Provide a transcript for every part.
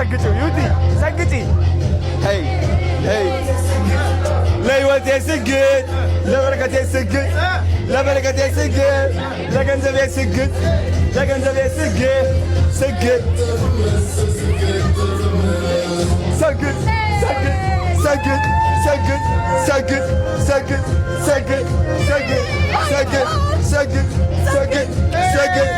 சங்கிச்சு யூதி சங்கிச்சு Hey, hey. Laywa tastes good. Labaraka tastes good. Labaraka tastes good. Laganza tastes good. Laganza tastes good. So good. So good. So good. So good. So good. So good. So good. So good. So good. So good. So good. So good. So good. So good.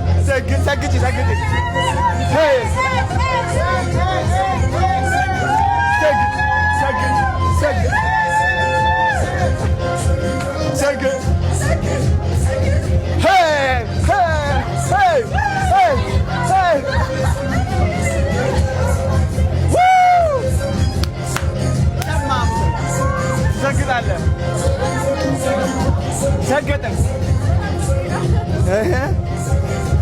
good, sen good, sen good. Hey. Sen good, sen good, sen good. Sen good. Hey, hey, hey, hey, hey. Woo! Tamam. Sen good anne. Sen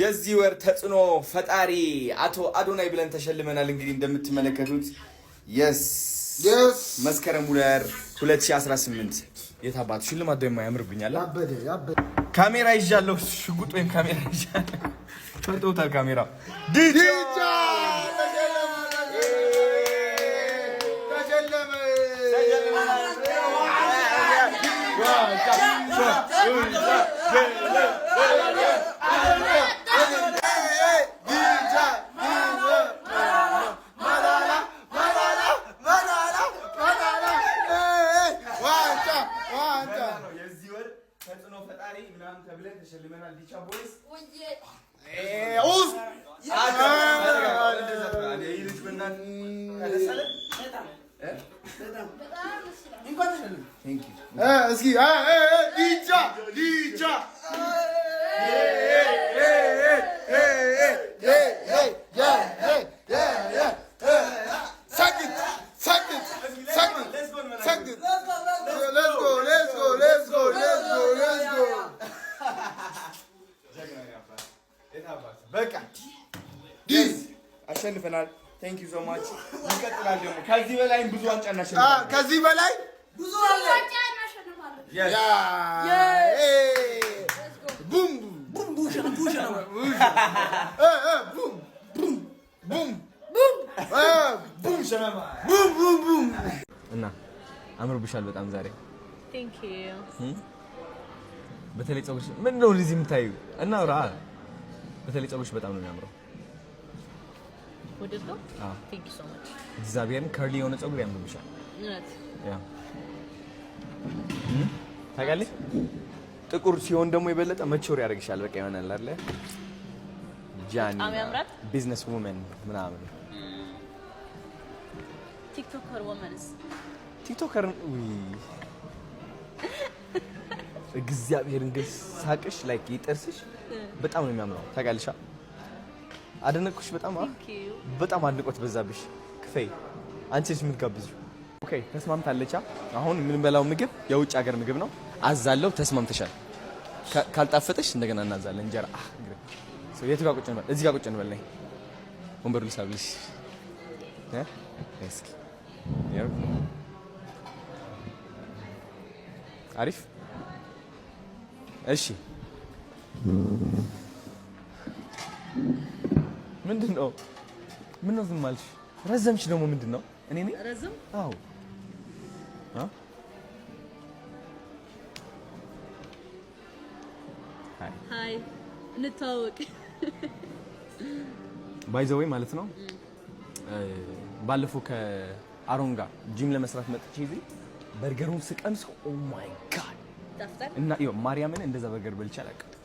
የዚህ ወር ተጽዕኖ ፈጣሪ አቶ አዶናይ ብለን ተሸልመናል። እንግዲህ እንደምትመለከቱት የስ መስከረም ወር 2018 የታባት ሽልማት ደግሞ ያምርብኛል። ካሜራ ይዣለሁ፣ ሽጉጥ ወይም ካሜራ ይዣለሁ። ተውታል ካሜራ ተጽዕኖ ፈጣሪ ምናምን ተብለን ተሸልመናል። ዲቻ ቦይስ እስኪ Patlayacak. አሸንፈናል። ቴንክ ዩ ሶ ማች። እንቀጥላለን። ከዚህ በላይም ብዙ ዋንጫ እናሸንፋለን። ከዚህ በላይ ብዙ ዋንጫ Yes. Yeah. Yes. Hey. Boom. Boom. Boom. Boom. Boom. Boom. Boom. ቡም እና አምሮብሻል በጣም ዛሬ። hmm? በተለይ ፀጉርሽ ምንድን ነው እንደዚህ የምታዩ እና በተለይ ፀጉርሽ በጣም ነው የሚያምረው። እግዚአብሔርን ከርሊ የሆነ ፀጉር ያምርብሻል። ታውቃለህ። ጥቁር ሲሆን ደግሞ የበለጠ መቾር ያደርግሻል። በቃ ይሆናል አለ ጃኒ ቢዝነስ ውመን ምናምን ቲክቶከር ወመንስ ቲክቶከር እግዚአብሔር ግን ሳቅሽ ላይክ ይጠርስሽ በጣም ነው የሚያምረው። ታውቃለሽ አደነቅኩሽ። በጣም በጣም አድንቆት በዛብሽ። ክፈይ አንቺስ ምን ጋብዙ ኦኬ ተስማምታለቻ። አሁን የምንበላው ምግብ የውጭ ሀገር ምግብ ነው። አዛለው ተስማምተሻል። ካልጣፈጠሽ እንደገና እናዛለን። እንጀራ የቱ ጋር ቁጭ እንበል? እዚህ ጋር ቁጭ እንበል። ነይ ወንበሩ ልሳብልሽ። እስኪ አሪፍ። እሺ ምንድን ነው? ምነው ዝም አልሽ? ረዘምሽ ደግሞ ምንድን ነው? እኔ ነኝ ረዘም? አዎ ሀይ እንተዋወቅ። ባይ ዘ ወይ ማለት ነው ባለፈው ከአሮን ጋር ጂም ለመስራት መጥቼ እዚህ በርገሩን ስቀምሰው ኦ ማይ ጋድ እና ማርያምን እንደዛ በርገር በልቼ አላውቅም።